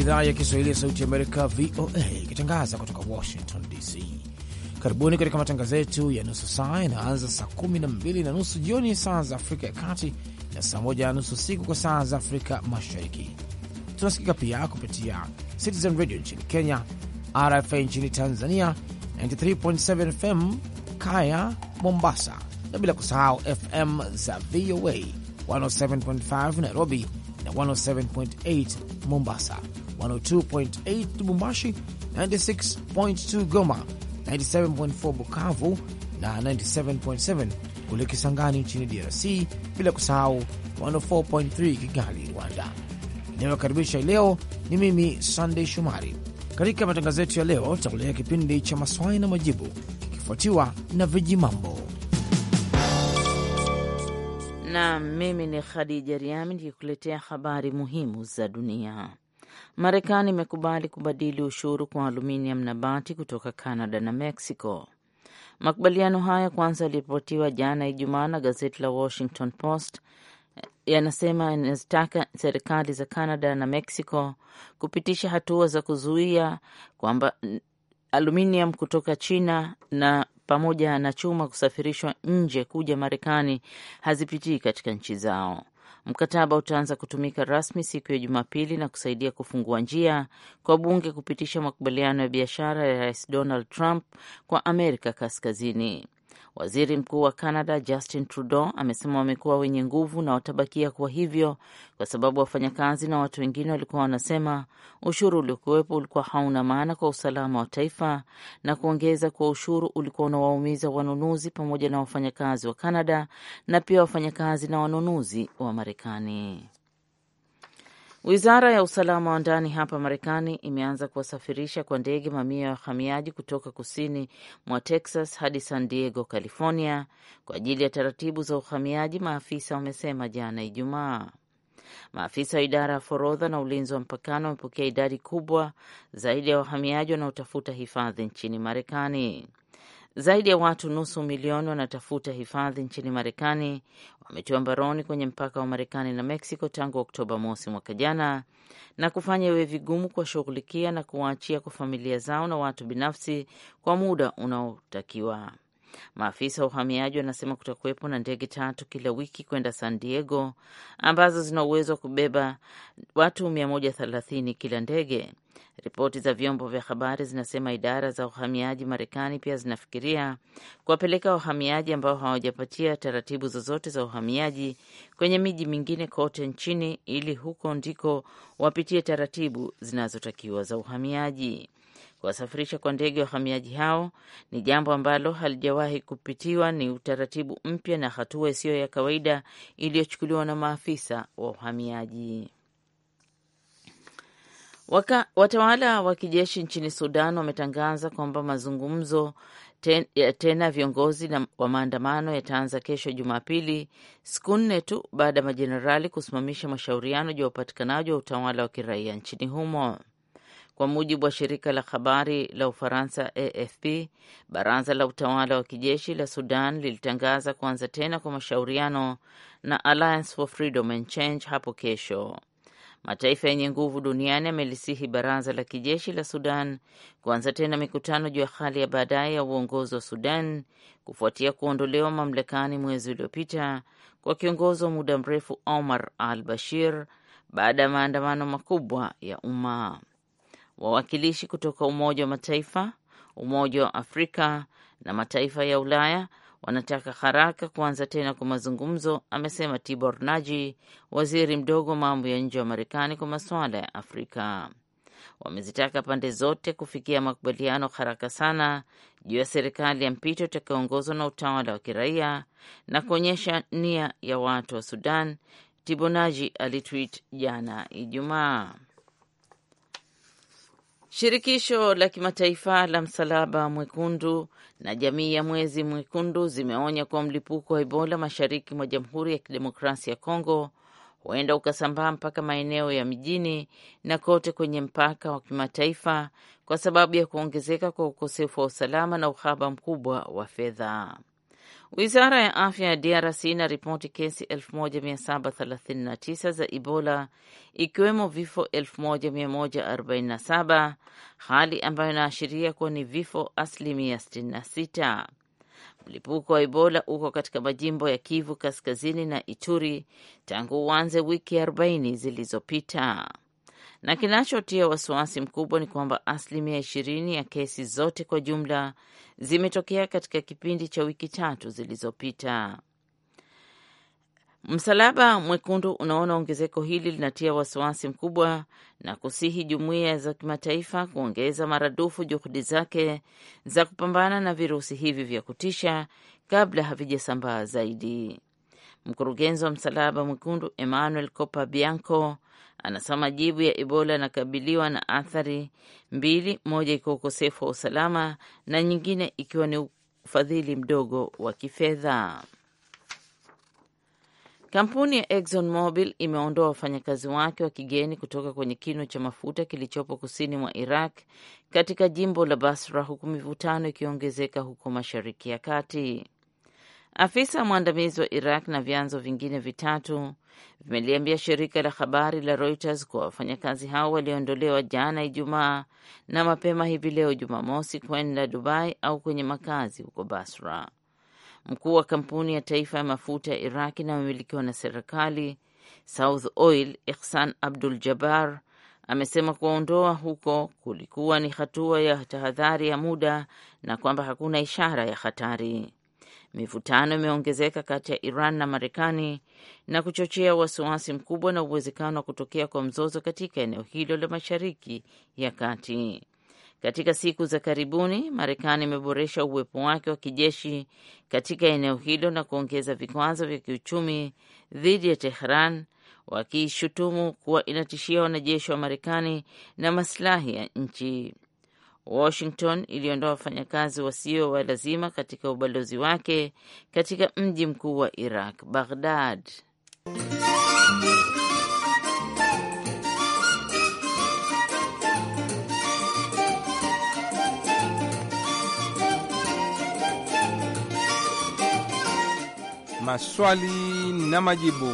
idhaa ya Kiswahili ya Sauti ya Amerika, VOA, ikitangaza kutoka Washington DC. Karibuni katika matangazo yetu ya nusu saa Inaanza saa 12 na nusu jioni saa za Afrika ya Kati na saa 1 na nusu usiku kwa saa za Afrika Mashariki. Tunasikika pia kupitia Citizen Radio nchini Kenya, RFA nchini Tanzania, 93.7 FM Kaya Mombasa, na bila kusahau FM za VOA 107.5 Nairobi na 107.8 Mombasa 102.8 Lubumbashi, 96.2 Goma, 97.4 Bukavu na 97.7 kule Kisangani nchini DRC, bila kusahau 104.3 Kigali, Rwanda. Inayokaribisha leo ni mimi Sandey Shomari. Katika matangazo yetu ya leo, tutakuletea kipindi cha maswali na majibu kikifuatiwa na viji mambo, na mimi ni Khadija Riami nikikuletea habari muhimu za dunia. Marekani imekubali kubadili ushuru kwa aluminium na bati kutoka Canada na Mexico. Makubaliano haya kwanza yaliripotiwa jana Ijumaa na gazeti la Washington Post eh, yanasema yanazitaka serikali za Canada na Mexico kupitisha hatua za kuzuia kwamba aluminium kutoka China na pamoja na chuma kusafirishwa nje kuja Marekani hazipitii katika nchi zao. Mkataba utaanza kutumika rasmi siku ya Jumapili na kusaidia kufungua njia kwa bunge kupitisha makubaliano ya biashara ya Rais Donald Trump kwa Amerika Kaskazini. Waziri Mkuu wa Canada Justin Trudeau amesema wamekuwa wenye nguvu na watabakia kuwa hivyo, kwa sababu wafanyakazi na watu wengine walikuwa wanasema ushuru uliokuwepo ulikuwa hauna maana kwa usalama wa taifa, na kuongeza kuwa ushuru ulikuwa unawaumiza wanunuzi pamoja na wafanyakazi wa Canada na pia wafanyakazi na wanunuzi wa Marekani. Wizara ya usalama wa ndani hapa Marekani imeanza kuwasafirisha kwa ndege mamia ya wahamiaji kutoka kusini mwa Texas hadi San Diego, California, kwa ajili ya taratibu za uhamiaji, maafisa wamesema jana Ijumaa. Maafisa wa idara ya forodha na ulinzi wa mpakano wamepokea idadi kubwa zaidi ya wahamiaji wanaotafuta hifadhi nchini Marekani. Zaidi ya watu nusu milioni wanatafuta hifadhi nchini Marekani wametiwa mbaroni kwenye mpaka wa Marekani na Meksiko tangu Oktoba mosi mwaka jana, na kufanya iwe vigumu kuwashughulikia na kuwaachia kwa familia zao na watu binafsi kwa muda unaotakiwa. Maafisa wa uhamiaji wanasema kutakuwepo na ndege tatu kila wiki kwenda San Diego ambazo zina uwezo wa kubeba watu 130 kila ndege. Ripoti za vyombo vya habari zinasema idara za uhamiaji Marekani pia zinafikiria kuwapeleka wahamiaji ambao hawajapatia taratibu zozote za uhamiaji kwenye miji mingine kote nchini ili huko ndiko wapitie taratibu zinazotakiwa za uhamiaji. Kuwasafirisha kwa ndege wahamiaji hao ni jambo ambalo halijawahi kupitiwa. Ni utaratibu mpya na hatua isiyo ya kawaida iliyochukuliwa na maafisa wa uhamiaji. Waka, watawala wa kijeshi nchini Sudan wametangaza kwamba mazungumzo ten, ya tena viongozi na wa maandamano yataanza kesho Jumapili, siku nne tu baada ya majenerali kusimamisha mashauriano juu ya upatikanaji wa utawala wa kiraia nchini humo. Kwa mujibu wa shirika la habari la Ufaransa AFP, baraza la utawala wa kijeshi la Sudan lilitangaza kuanza tena kwa mashauriano na Alliance for Freedom and Change hapo kesho. Mataifa yenye nguvu duniani yamelisihi baraza la kijeshi la Sudan kuanza tena mikutano juu ya hali ya baadaye ya uongozi wa Sudan kufuatia kuondolewa mamlakani mwezi uliopita kwa kiongozi wa muda mrefu Omar al Bashir baada ya maandamano makubwa ya umma wawakilishi kutoka Umoja wa Mataifa, Umoja wa Afrika na mataifa ya Ulaya wanataka haraka kuanza tena kwa mazungumzo, amesema Tibor Naji, waziri mdogo wa mambo ya nje wa Marekani kwa masuala ya Afrika. Wamezitaka pande zote kufikia makubaliano haraka sana juu ya serikali ya mpito itakayoongozwa na utawala wa kiraia na kuonyesha nia ya watu wa Sudan. Tibonaji alitwit jana Ijumaa. Shirikisho la kimataifa la Msalaba Mwekundu na jamii ya Mwezi Mwekundu zimeonya kuwa mlipuko wa Ebola mashariki mwa Jamhuri ya Kidemokrasia ya Kongo huenda ukasambaa mpaka maeneo ya mijini na kote kwenye mpaka wa kimataifa kwa sababu ya kuongezeka kwa ukosefu wa usalama na uhaba mkubwa wa fedha. Wizara ya afya ya DRC inaripoti kesi 1739 za Ebola, ikiwemo vifo 1147, hali ambayo inaashiria kuwa ni vifo asilimia 66. Mlipuko wa Ebola uko katika majimbo ya Kivu Kaskazini na Ituri tangu uanze wiki 40 zilizopita na kinachotia wasiwasi mkubwa ni kwamba asilimia ishirini ya kesi zote kwa jumla zimetokea katika kipindi cha wiki tatu zilizopita. Msalaba Mwekundu unaona ongezeko hili linatia wasiwasi mkubwa na kusihi jumuiya za kimataifa kuongeza maradufu juhudi zake za kupambana na virusi hivi vya kutisha kabla havijasambaa zaidi. Mkurugenzi wa Msalaba Mwekundu Emmanuel Copa Bianco anasema majibu ya Ebola yanakabiliwa na athari mbili, moja ikiwa ukosefu wa usalama na nyingine ikiwa ni ufadhili mdogo wa kifedha. Kampuni ya Exxon Mobil imeondoa wafanyakazi wake wa kigeni kutoka kwenye kinu cha mafuta kilichopo kusini mwa Iraq katika jimbo la Basra, huku mivutano ikiongezeka huko Mashariki ya Kati. Afisa mwandamizi wa Iraq na vyanzo vingine vitatu vimeliambia shirika la habari la Reuters kuwa wafanyakazi hao waliondolewa jana Ijumaa na mapema hivi leo Jumamosi kwenda Dubai au kwenye makazi huko Basra. Mkuu wa kampuni ya taifa ya mafuta ya Iraq inayomilikiwa na serikali South Oil, Ihsan Abdul Jabbar amesema kuwaondoa huko kulikuwa ni hatua ya tahadhari ya muda na kwamba hakuna ishara ya hatari. Mivutano imeongezeka kati ya Iran na Marekani na kuchochea wasiwasi mkubwa na uwezekano wa kutokea kwa mzozo katika eneo hilo la Mashariki ya Kati. Katika siku za karibuni, Marekani imeboresha uwepo wake wa kijeshi katika eneo hilo na kuongeza vikwazo vya kiuchumi dhidi ya Tehran, wakishutumu kuwa inatishia wanajeshi wa Marekani na masilahi ya nchi. Washington iliondoa wafanyakazi wasio wa lazima katika ubalozi wake katika mji mkuu wa Iraq, Baghdad. Maswali na majibu.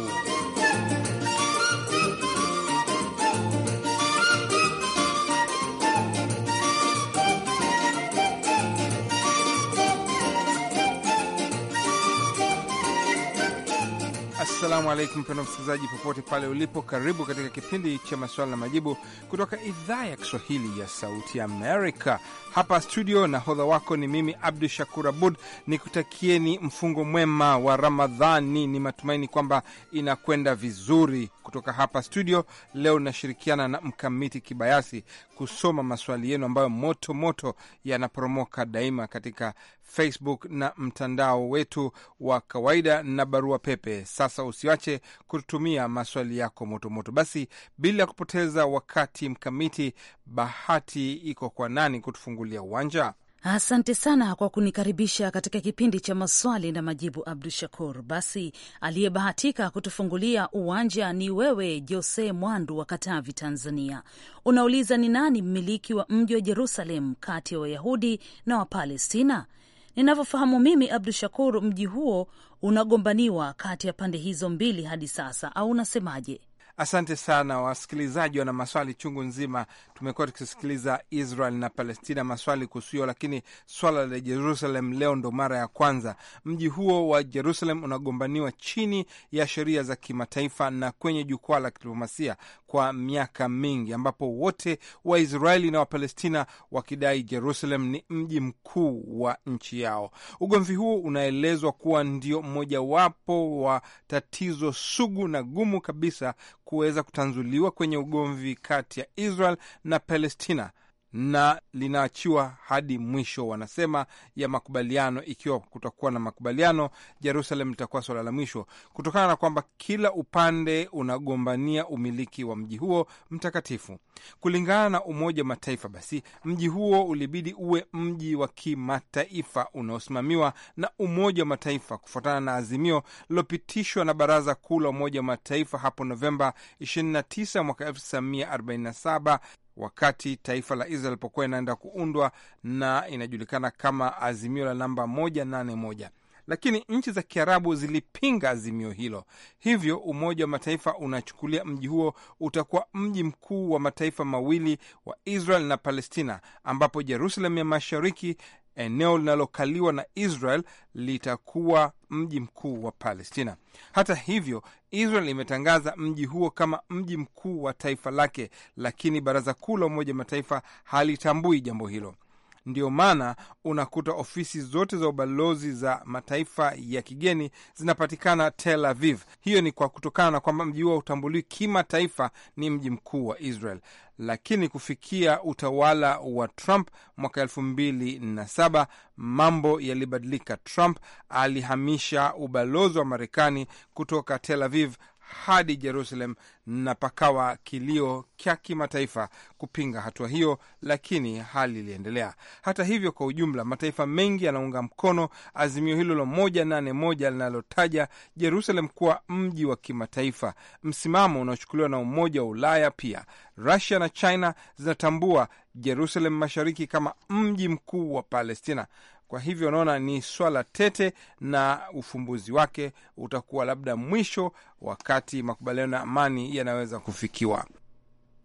Assalamu alaikum, mpendwa msikilizaji, popote pale ulipo, karibu katika kipindi cha maswala na majibu kutoka idhaa ya Kiswahili ya Sauti Amerika. Hapa studio, nahodha wako ni mimi Abdu Shakur Abud, nikutakieni mfungo mwema wa Ramadhani. Ni matumaini kwamba inakwenda vizuri. Kutoka hapa studio leo nashirikiana na Mkamiti Kibayasi kusoma maswali yenu ambayo moto moto yanaporomoka daima katika Facebook na mtandao wetu wa kawaida na barua pepe. Sasa usiwache kututumia maswali yako motomoto. Basi bila kupoteza wakati, Mkamiti, bahati iko kwa nani kutufungulia uwanja? Asante sana kwa kunikaribisha katika kipindi cha maswali na majibu, Abdu Shakur. Basi aliyebahatika kutufungulia uwanja ni wewe Jose Mwandu wa Katavi, Tanzania. Unauliza, ni nani mmiliki wa mji wa Jerusalem kati ya Wayahudi na Wapalestina? Ninavyofahamu mimi, Abdu Shakur, mji huo unagombaniwa kati ya pande hizo mbili hadi sasa, au unasemaje? Asante sana wasikilizaji, wana maswali chungu nzima. Tumekuwa tukisikiliza Israel na Palestina, maswali kuhusu hiyo, lakini swala la Jerusalem leo ndo mara ya kwanza. Mji huo wa Jerusalem unagombaniwa chini ya sheria za kimataifa na kwenye jukwaa la kidiplomasia kwa miaka mingi, ambapo wote Waisraeli na Wapalestina wakidai Jerusalem ni mji mkuu wa nchi yao. Ugomvi huo unaelezwa kuwa ndio mmojawapo wa tatizo sugu na gumu kabisa kuweza kutanzuliwa kwenye ugomvi kati ya Israel na Palestina na linaachiwa hadi mwisho, wanasema ya makubaliano. Ikiwa kutakuwa na makubaliano, Jerusalem litakuwa swala la mwisho, kutokana na kwamba kila upande unagombania umiliki wa mji huo mtakatifu. Kulingana na Umoja wa Mataifa, basi mji huo ulibidi uwe mji wa kimataifa unaosimamiwa na Umoja wa Mataifa kufuatana na azimio lilopitishwa na Baraza Kuu la Umoja wa Mataifa hapo Novemba 29 mwaka 1947 wakati taifa la Israel ilipokuwa inaenda kuundwa na inajulikana kama azimio la namba 181 lakini nchi za Kiarabu zilipinga azimio hilo. Hivyo Umoja wa Mataifa unachukulia mji huo utakuwa mji mkuu wa mataifa mawili wa Israel na Palestina, ambapo Jerusalem ya mashariki eneo linalokaliwa na Israel litakuwa mji mkuu wa Palestina. Hata hivyo, Israel imetangaza mji huo kama mji mkuu wa taifa lake, lakini baraza kuu la Umoja Mataifa halitambui jambo hilo. Ndiyo maana unakuta ofisi zote za ubalozi za mataifa ya kigeni zinapatikana Tel Aviv. Hiyo ni kwa kutokana na kwamba mji huo hautambuliwi kimataifa, ni mji mkuu wa Israel. Lakini kufikia utawala wa Trump mwaka elfu mbili na saba mambo yalibadilika. Trump alihamisha ubalozi wa Marekani kutoka Tel Aviv hadi Jerusalem na pakawa kilio kya kimataifa kupinga hatua hiyo, lakini hali iliendelea. Hata hivyo, kwa ujumla, mataifa mengi yanaunga mkono azimio hilo la moja linalotaja Jerusalem kuwa mji wa kimataifa, msimamo unaochukuliwa na Umoja wa Ulaya. Pia Rusia na China zinatambua Jerusalem Mashariki kama mji mkuu wa Palestina kwa hivyo unaona ni swala tete, na ufumbuzi wake utakuwa labda mwisho, wakati makubaliano ya amani yanaweza kufikiwa.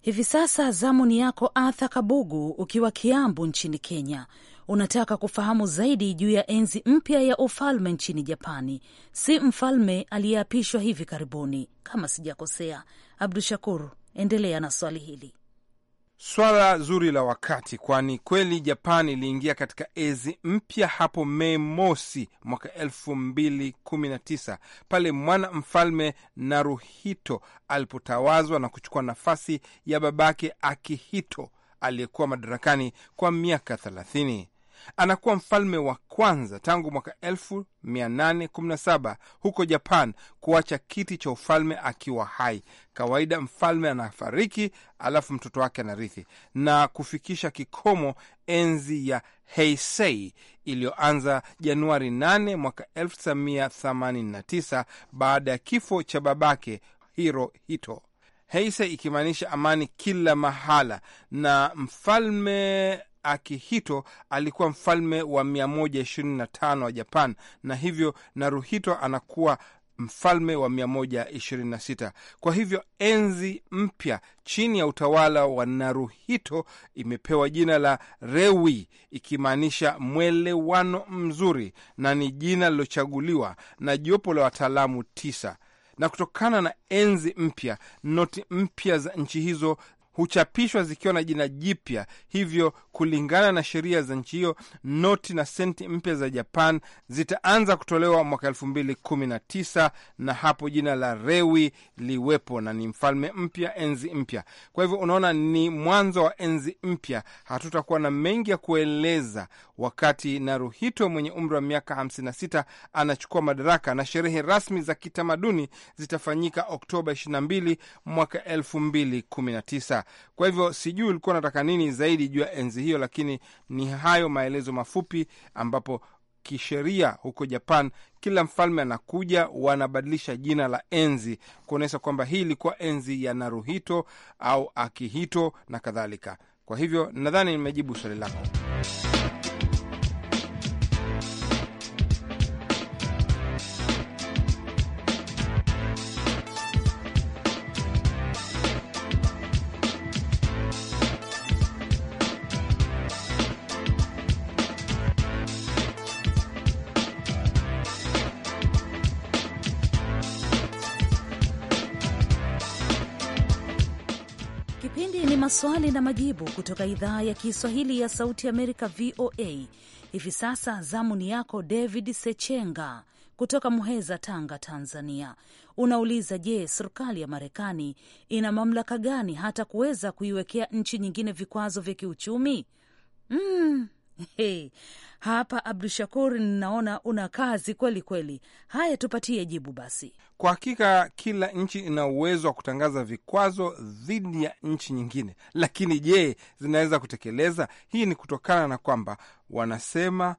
Hivi sasa zamu ni yako Arthur Kabugu, ukiwa Kiambu nchini Kenya. Unataka kufahamu zaidi juu ya enzi mpya ya ufalme nchini Japani, si mfalme aliyeapishwa hivi karibuni, kama sijakosea. Abdu Shakur, endelea na swali hili. Swala zuri la wakati, kwani kweli Japan iliingia katika ezi mpya hapo Mei mosi mwaka elfu mbili kumi na tisa pale mwana mfalme Naruhito alipotawazwa na kuchukua nafasi ya babake Akihito aliyekuwa madarakani kwa miaka thelathini anakuwa mfalme wa kwanza tangu mwaka 1817 huko Japan kuacha kiti cha ufalme akiwa hai. Kawaida mfalme anafariki, alafu mtoto wake anarithi, na kufikisha kikomo enzi ya Heisei iliyoanza Januari 8 mwaka 1989 baada ya kifo cha babake Hirohito. Heisei ikimaanisha amani kila mahala, na mfalme Akihito alikuwa mfalme wa 125 wa Japan na hivyo Naruhito anakuwa mfalme wa 126. Kwa hivyo enzi mpya chini ya utawala wa Naruhito imepewa jina la Rewi, ikimaanisha mwelewano mzuri, na ni jina lilochaguliwa na jopo la wataalamu tisa. Na kutokana na enzi mpya, noti mpya za nchi hizo huchapishwa zikiwa na jina jipya. Hivyo, kulingana na sheria za nchi hiyo, noti na senti mpya za Japan zitaanza kutolewa mwaka elfu mbili kumi na tisa na hapo jina la Rewi liwepo na ni mfalme mpya, enzi mpya. Kwa hivyo, unaona ni mwanzo wa enzi mpya. Hatutakuwa na mengi ya kueleza wakati Naruhito mwenye umri wa miaka 56 anachukua madaraka, na sherehe rasmi za kitamaduni zitafanyika Oktoba 22 mwaka tisa. Kwa hivyo sijui ulikuwa unataka nini zaidi juu ya enzi hiyo, lakini ni hayo maelezo mafupi, ambapo kisheria huko Japan kila mfalme anakuja, wanabadilisha jina la enzi kuonyesha kwamba hii ilikuwa enzi ya Naruhito au Akihito na kadhalika. Kwa hivyo nadhani nimejibu swali lako. maswali na majibu kutoka idhaa ya Kiswahili ya Sauti Amerika, VOA. Hivi sasa zamu ni yako David Sechenga kutoka Muheza, Tanga, Tanzania. Unauliza, je, serikali ya Marekani ina mamlaka gani hata kuweza kuiwekea nchi nyingine vikwazo vya kiuchumi? Mm, Hey, hapa Abdu Shakur, ninaona una kazi kweli kweli. Haya, tupatie jibu basi. Kwa hakika, kila nchi ina uwezo wa kutangaza vikwazo dhidi ya nchi nyingine, lakini je, zinaweza kutekeleza? Hii ni kutokana na kwamba wanasema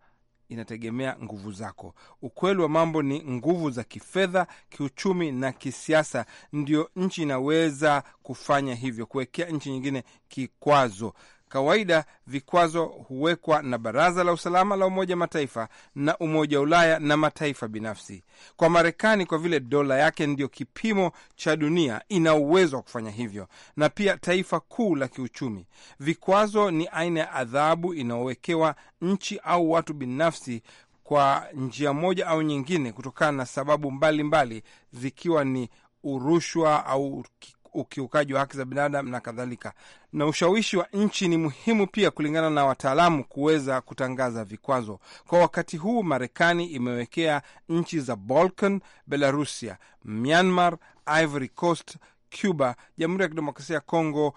inategemea nguvu zako. Ukweli wa mambo ni nguvu za kifedha, kiuchumi na kisiasa, ndio nchi inaweza kufanya hivyo, kuwekea nchi nyingine kikwazo. Kawaida vikwazo huwekwa na Baraza la Usalama la Umoja Mataifa na Umoja wa Ulaya na mataifa binafsi. Kwa Marekani, kwa vile dola yake ndiyo kipimo cha dunia, ina uwezo wa kufanya hivyo, na pia taifa kuu la kiuchumi. Vikwazo ni aina ya adhabu inayowekewa nchi au watu binafsi kwa njia moja au nyingine, kutokana na sababu mbalimbali mbali, zikiwa ni urushwa au ukiukaji wa haki za binadamu na kadhalika. Na ushawishi wa nchi ni muhimu pia, kulingana na wataalamu, kuweza kutangaza vikwazo. Kwa wakati huu, Marekani imewekea nchi za Balkan, Belarusia, Myanmar, Ivory Coast, Cuba, Jamhuri ya Kidemokrasia ya Kongo,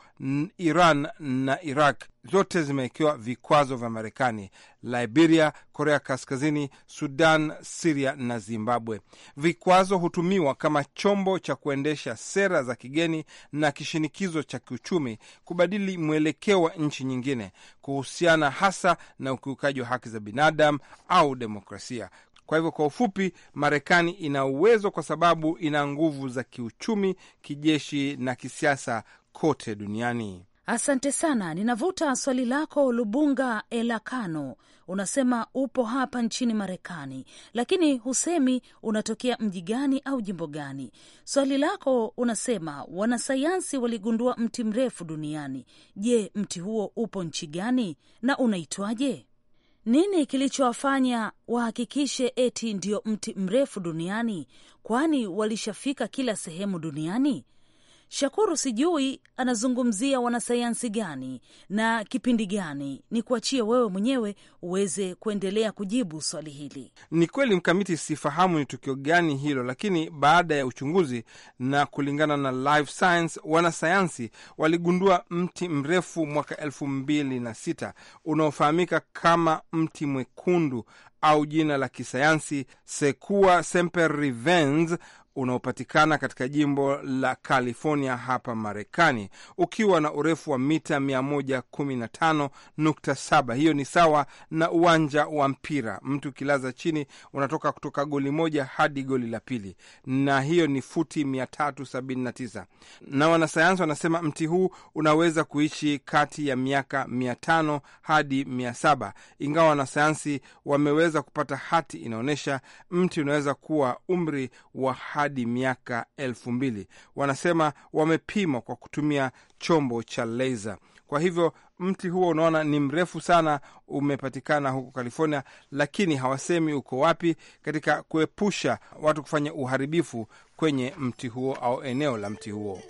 Iran na Iraq zote zimewekewa vikwazo vya Marekani. Liberia, Korea Kaskazini, Sudan, Siria na Zimbabwe. Vikwazo hutumiwa kama chombo cha kuendesha sera za kigeni na kishinikizo cha kiuchumi kubadili mwelekeo wa nchi nyingine kuhusiana hasa na ukiukaji wa haki za binadamu au demokrasia. Kwa hivyo, kwa ufupi, Marekani ina uwezo kwa sababu ina nguvu za kiuchumi, kijeshi na kisiasa kote duniani. Asante sana. Ninavuta swali lako Lubunga Elakano, unasema upo hapa nchini Marekani, lakini husemi unatokea mji gani au jimbo gani. Swali lako unasema wanasayansi waligundua mti mrefu duniani. Je, mti huo upo nchi gani na unaitwaje? Nini kilichowafanya wahakikishe eti ndio mti mrefu duniani? Kwani walishafika kila sehemu duniani? Shakuru, sijui anazungumzia wanasayansi gani na kipindi gani? Ni kuachie wewe mwenyewe uweze kuendelea kujibu swali hili. Ni kweli Mkamiti, sifahamu ni tukio gani hilo, lakini baada ya uchunguzi na kulingana na Life Science, wanasayansi waligundua mti mrefu mwaka elfu mbili na sita unaofahamika kama mti mwekundu au jina la kisayansi Sequoia sempervirens unaopatikana katika jimbo la California hapa Marekani, ukiwa na urefu wa mita 115.7. Hiyo ni sawa na uwanja wa mpira. Mtu ukilaza chini unatoka kutoka goli moja hadi goli la pili, na hiyo ni futi 379. Na wanasayansi wanasema mti huu unaweza kuishi kati ya miaka 500 hadi 700, ingawa wanasayansi wameweza kupata hati inaonyesha mti unaweza kuwa umri wa hadi hadi miaka elfu mbili. Wanasema wamepima kwa kutumia chombo cha laser. Kwa hivyo mti huo unaona ni mrefu sana, umepatikana huko California, lakini hawasemi uko wapi, katika kuepusha watu kufanya uharibifu kwenye mti huo au eneo la mti huo.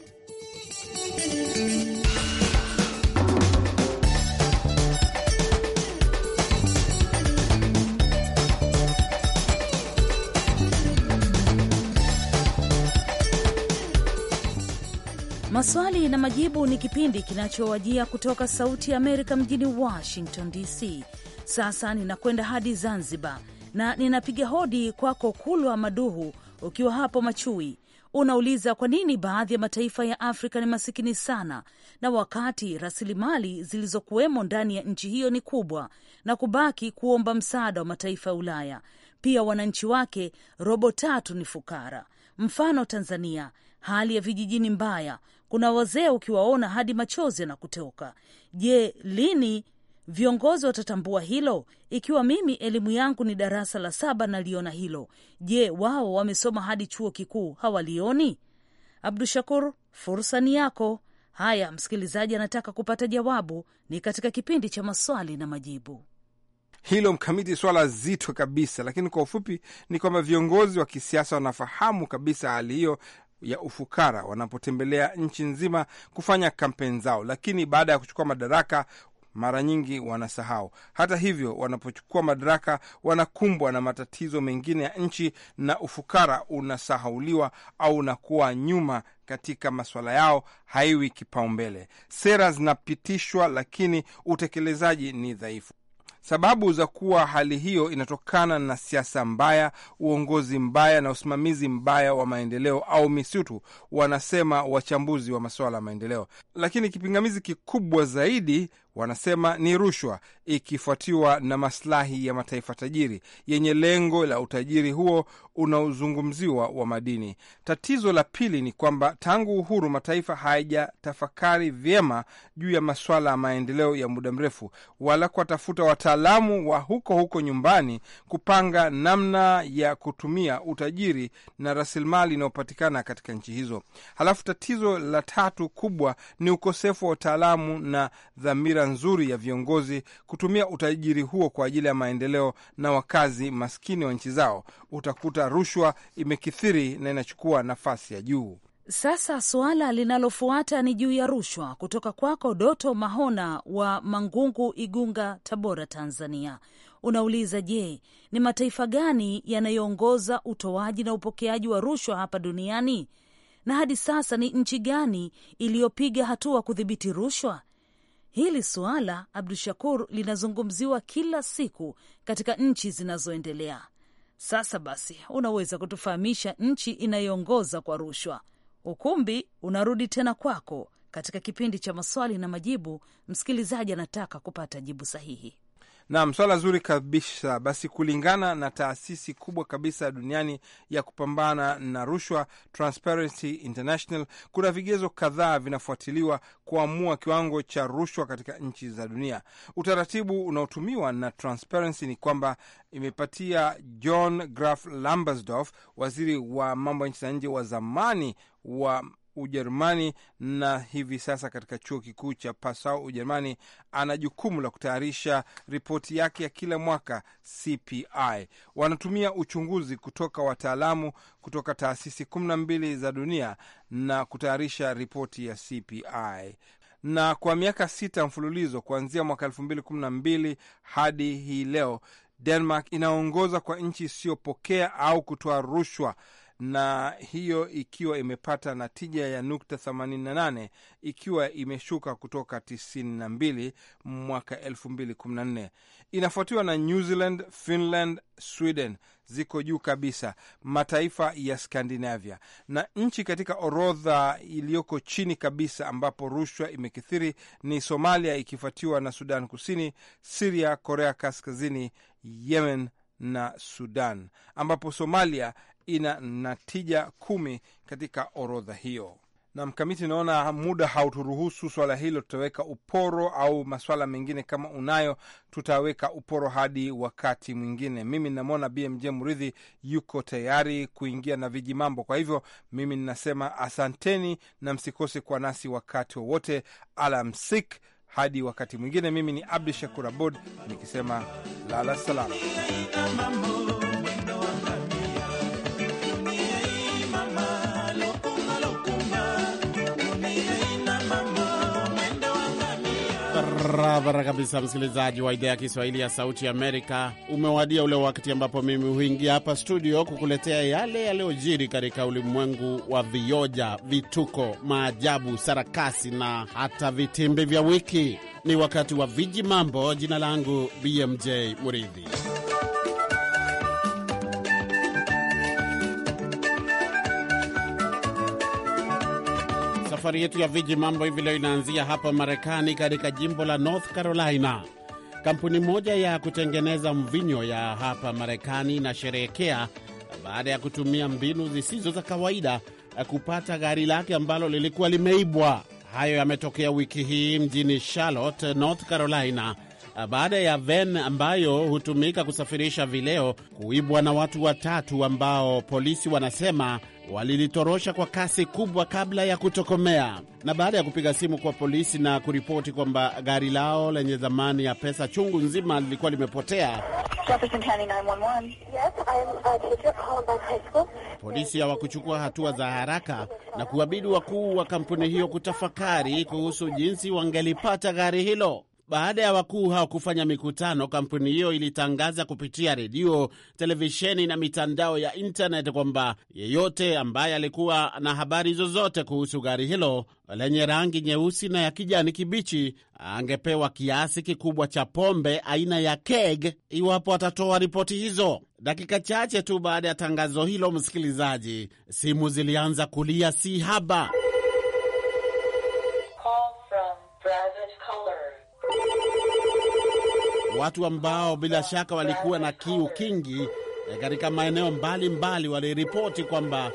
Maswali na Majibu ni kipindi kinachowajia kutoka Sauti ya Amerika mjini Washington DC. Sasa ninakwenda hadi Zanzibar na ninapiga hodi kwako Kulwa Maduhu, ukiwa hapo Machui. Unauliza, kwa nini baadhi ya mataifa ya Afrika ni masikini sana na wakati rasilimali zilizokuwemo ndani ya nchi hiyo ni kubwa na kubaki kuomba msaada wa mataifa ya Ulaya? Pia wananchi wake robo tatu ni fukara. Mfano Tanzania, hali ya vijijini mbaya, kuna wazee ukiwaona hadi machozi yanakutoka. Je, lini viongozi watatambua hilo? Ikiwa mimi elimu yangu ni darasa la saba naliona hilo, je, wao wamesoma hadi chuo kikuu hawalioni? Abdu Shakur, fursa ni yako. Haya, msikilizaji anataka kupata jawabu, ni katika kipindi cha maswali na majibu. Hilo mkamiti swala zito kabisa, lakini kwa ufupi ni kwamba viongozi wa kisiasa wanafahamu kabisa hali hiyo ya ufukara wanapotembelea nchi nzima kufanya kampeni zao, lakini baada ya kuchukua madaraka mara nyingi wanasahau. Hata hivyo, wanapochukua madaraka wanakumbwa na matatizo mengine ya nchi na ufukara unasahauliwa au unakuwa nyuma katika masuala yao, haiwi kipaumbele. Sera zinapitishwa, lakini utekelezaji ni dhaifu. Sababu za kuwa hali hiyo inatokana na siasa mbaya, uongozi mbaya na usimamizi mbaya wa maendeleo au misitu, wanasema wachambuzi wa masuala ya maendeleo. Lakini kipingamizi kikubwa zaidi wanasema ni rushwa, ikifuatiwa na masilahi ya mataifa tajiri yenye lengo la utajiri huo unaozungumziwa wa madini. Tatizo la pili ni kwamba tangu uhuru mataifa hayajatafakari vyema juu ya maswala ya maendeleo ya muda mrefu, wala kuwatafuta wataalamu wa huko huko nyumbani kupanga namna ya kutumia utajiri na rasilimali inayopatikana katika nchi hizo. Halafu tatizo la tatu kubwa ni ukosefu wa wataalamu na dhamira nzuri ya viongozi kutumia utajiri huo kwa ajili ya maendeleo na wakazi maskini wa nchi zao, utakuta rushwa imekithiri na inachukua nafasi ya juu. Sasa suala linalofuata ni juu ya rushwa, kutoka kwako Doto Mahona wa Mangungu, Igunga, Tabora, Tanzania. Unauliza, je, ni mataifa gani yanayoongoza utoaji na upokeaji wa rushwa hapa duniani, na hadi sasa ni nchi gani iliyopiga hatua kudhibiti rushwa? Hili suala Abdu Shakur, linazungumziwa kila siku katika nchi zinazoendelea. Sasa basi, unaweza kutufahamisha nchi inayoongoza kwa rushwa? Ukumbi unarudi tena kwako katika kipindi cha maswali na majibu. Msikilizaji anataka kupata jibu sahihi. Nam, swala zuri kabisa. Basi, kulingana na taasisi kubwa kabisa duniani ya kupambana na rushwa, Transparency International, kuna vigezo kadhaa vinafuatiliwa kuamua kiwango cha rushwa katika nchi za dunia. Utaratibu unaotumiwa na Transparency ni kwamba imepatia John Graf Lambsdorff, waziri wa mambo ya nchi za nje wa zamani wa Ujerumani na hivi sasa katika chuo kikuu cha Passau Ujerumani, ana jukumu la kutayarisha ripoti yake ya kila mwaka CPI. Wanatumia uchunguzi kutoka wataalamu kutoka taasisi kumi na mbili za dunia na kutayarisha ripoti ya CPI na kwa miaka sita mfululizo kuanzia mwaka elfu mbili kumi na mbili hadi hii leo, Denmark inaongoza kwa nchi isiyopokea au kutoa rushwa na hiyo ikiwa imepata na tija ya nukta 88 ikiwa imeshuka kutoka 92 mwaka 2014. Inafuatiwa na New Zealand, Finland, Sweden ziko juu kabisa, mataifa ya Skandinavia na nchi katika orodha iliyoko chini kabisa ambapo rushwa imekithiri ni Somalia, ikifuatiwa na Sudan Kusini, Siria, Korea Kaskazini, Yemen na Sudan ambapo Somalia ina natija kumi katika orodha hiyo. Na Mkamiti, naona muda hauturuhusu swala hilo, tutaweka uporo au maswala mengine kama unayo, tutaweka uporo hadi wakati mwingine. Mimi ninamwona BMJ Mridhi yuko tayari kuingia na viji mambo, kwa hivyo mimi ninasema asanteni na msikose kwa nasi wakati wowote. Alamsik hadi wakati mwingine. Mimi ni Abdu Shakur Abud nikisema lala salama. Barabara kabisa, msikilizaji wa idhaa ya Kiswahili ya Sauti ya Amerika, umewadia ule wakati ambapo mimi huingia hapa studio kukuletea yale yaliyojiri katika ulimwengu wa vioja, vituko, maajabu, sarakasi na hata vitimbi vya wiki. Ni wakati wa viji mambo. Jina langu BMJ Muridhi. Safari yetu ya viji mambo hivi leo inaanzia hapa Marekani, katika jimbo la North Carolina. Kampuni moja ya kutengeneza mvinyo ya hapa Marekani inasherehekea baada ya kutumia mbinu zisizo za kawaida kupata gari lake ambalo lilikuwa limeibwa. Hayo yametokea wiki hii mjini Charlotte, North Carolina, baada ya ven ambayo hutumika kusafirisha vileo kuibwa na watu watatu ambao polisi wanasema walilitorosha kwa kasi kubwa kabla ya kutokomea, na baada ya kupiga simu kwa polisi na kuripoti kwamba gari lao lenye thamani ya pesa chungu nzima lilikuwa limepotea, polisi hawakuchukua hatua za haraka na kuwabidi wakuu wa kampuni hiyo kutafakari kuhusu jinsi wangelipata gari hilo. Baada ya wakuu hao kufanya mikutano, kampuni hiyo ilitangaza kupitia redio, televisheni na mitandao ya intaneti kwamba yeyote ambaye alikuwa na habari zozote kuhusu gari hilo lenye rangi nyeusi na ya kijani kibichi angepewa kiasi kikubwa cha pombe aina ya keg iwapo atatoa ripoti hizo. Dakika chache tu baada ya tangazo hilo, msikilizaji, simu zilianza kulia si haba. watu ambao bila shaka walikuwa na kiu kingi eh, katika maeneo mbalimbali waliripoti kwamba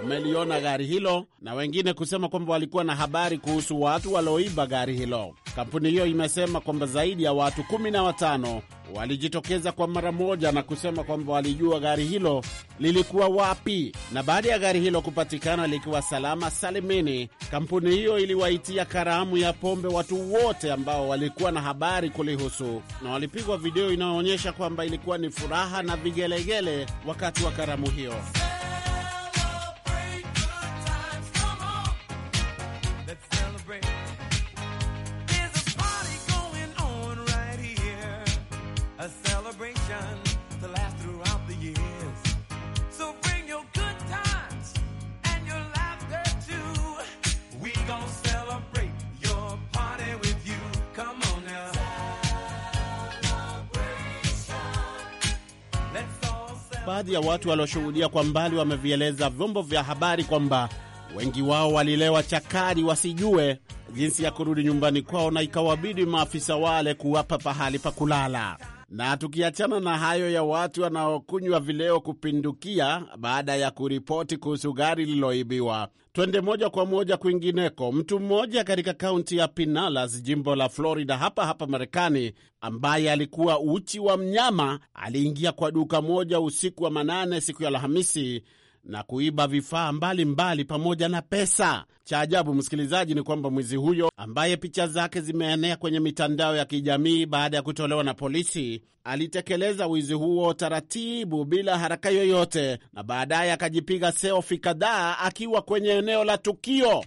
wameliona gari hilo na wengine kusema kwamba walikuwa na habari kuhusu watu walioiba gari hilo. Kampuni hiyo imesema kwamba zaidi ya watu kumi na watano walijitokeza kwa mara moja na kusema kwamba walijua gari hilo lilikuwa wapi, na baada ya gari hilo kupatikana likiwa salama salimini, kampuni hiyo iliwaitia karamu ya pombe watu wote ambao walikuwa na habari kulihusu, na walipigwa video inayoonyesha kwamba ilikuwa ni furaha na vigelegele wakati wa karamu hiyo. baadhi ya watu walioshuhudia kwa mbali wamevieleza vyombo vya habari kwamba wengi wao walilewa chakari wasijue jinsi ya kurudi nyumbani kwao na ikawabidi maafisa wale kuwapa pahali pa kulala. Na tukiachana na hayo ya watu wanaokunywa vileo kupindukia baada ya kuripoti kuhusu gari lililoibiwa, twende moja kwa moja kwingineko. Mtu mmoja katika kaunti ya Pinellas, jimbo la Florida, hapa hapa Marekani, ambaye alikuwa uchi wa mnyama aliingia kwa duka moja usiku wa manane siku ya Alhamisi na kuiba vifaa mbalimbali pamoja na pesa. Cha ajabu, msikilizaji, ni kwamba mwizi huyo ambaye picha zake zimeenea kwenye mitandao ya kijamii baada ya kutolewa na polisi alitekeleza wizi huo taratibu, bila haraka yoyote, na baadaye akajipiga seofi kadhaa akiwa kwenye eneo la tukio.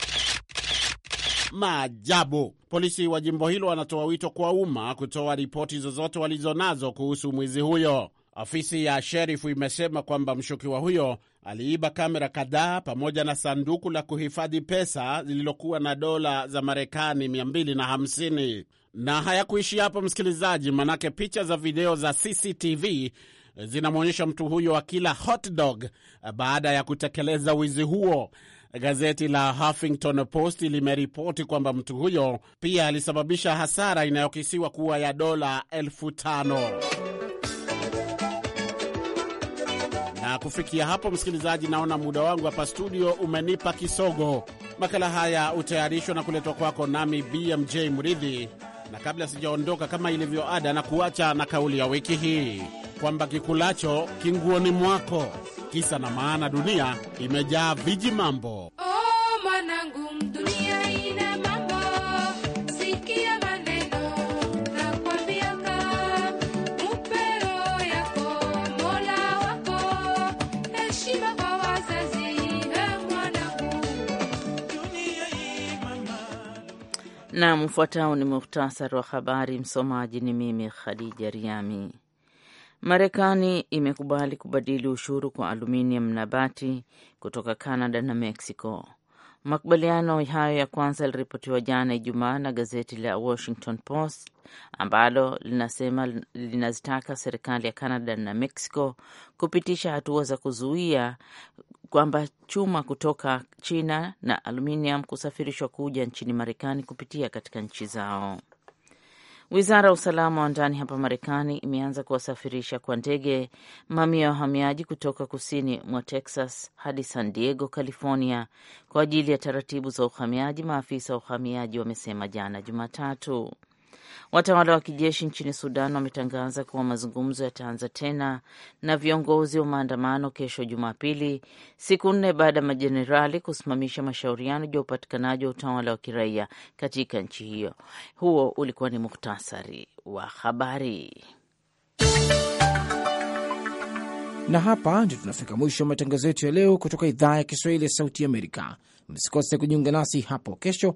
Maajabu! Polisi wa jimbo hilo wanatoa wito kwa umma kutoa ripoti zozote walizonazo kuhusu mwizi huyo. Ofisi ya sherifu imesema kwamba mshukiwa huyo aliiba kamera kadhaa pamoja na sanduku la kuhifadhi pesa lililokuwa na dola za Marekani 250. Na hayakuishi hapo, msikilizaji, manake picha za video za CCTV zinamwonyesha mtu huyo akila hot dog baada ya kutekeleza wizi huo. Gazeti la Huffington Post limeripoti kwamba mtu huyo pia alisababisha hasara inayokisiwa kuwa ya dola elfu tano. kufikia hapo, msikilizaji, naona muda wangu hapa studio umenipa kisogo. Makala haya hutayarishwa na kuletwa kwako nami BMJ Mridhi, na kabla sijaondoka, kama ilivyo ada, na kuacha na kauli ya wiki hii kwamba kikulacho kinguoni mwako, kisa na maana, dunia imejaa viji mambo. na mfuatao ni muhtasari wa habari. Msomaji ni mimi Khadija Riami. Marekani imekubali kubadili ushuru kwa aluminium na bati kutoka Canada na Mexico. Makubaliano hayo ya kwanza yaliripotiwa jana Ijumaa na gazeti la Washington Post ambalo linasema linazitaka serikali ya Canada na Mexico kupitisha hatua za kuzuia kwamba chuma kutoka China na aluminium kusafirishwa kuja nchini Marekani kupitia katika nchi zao. Wizara ya usalama wa ndani hapa Marekani imeanza kuwasafirisha kwa ndege mamia ya wahamiaji kutoka kusini mwa Texas hadi San Diego, California, kwa ajili ya taratibu za uhamiaji, maafisa wa uhamiaji wamesema jana Jumatatu. Watawala wa kijeshi nchini Sudan wametangaza kuwa mazungumzo yataanza tena na viongozi wa maandamano kesho Jumapili, siku nne baada ya majenerali kusimamisha mashauriano juu ya upatikanaji wa utawala wa kiraia katika nchi hiyo. Huo ulikuwa ni muhtasari wa habari, na hapa ndio tunafika mwisho wa matangazo yetu ya leo kutoka idhaa ya Kiswahili ya Sauti Amerika. Msikose kujiunga nasi hapo kesho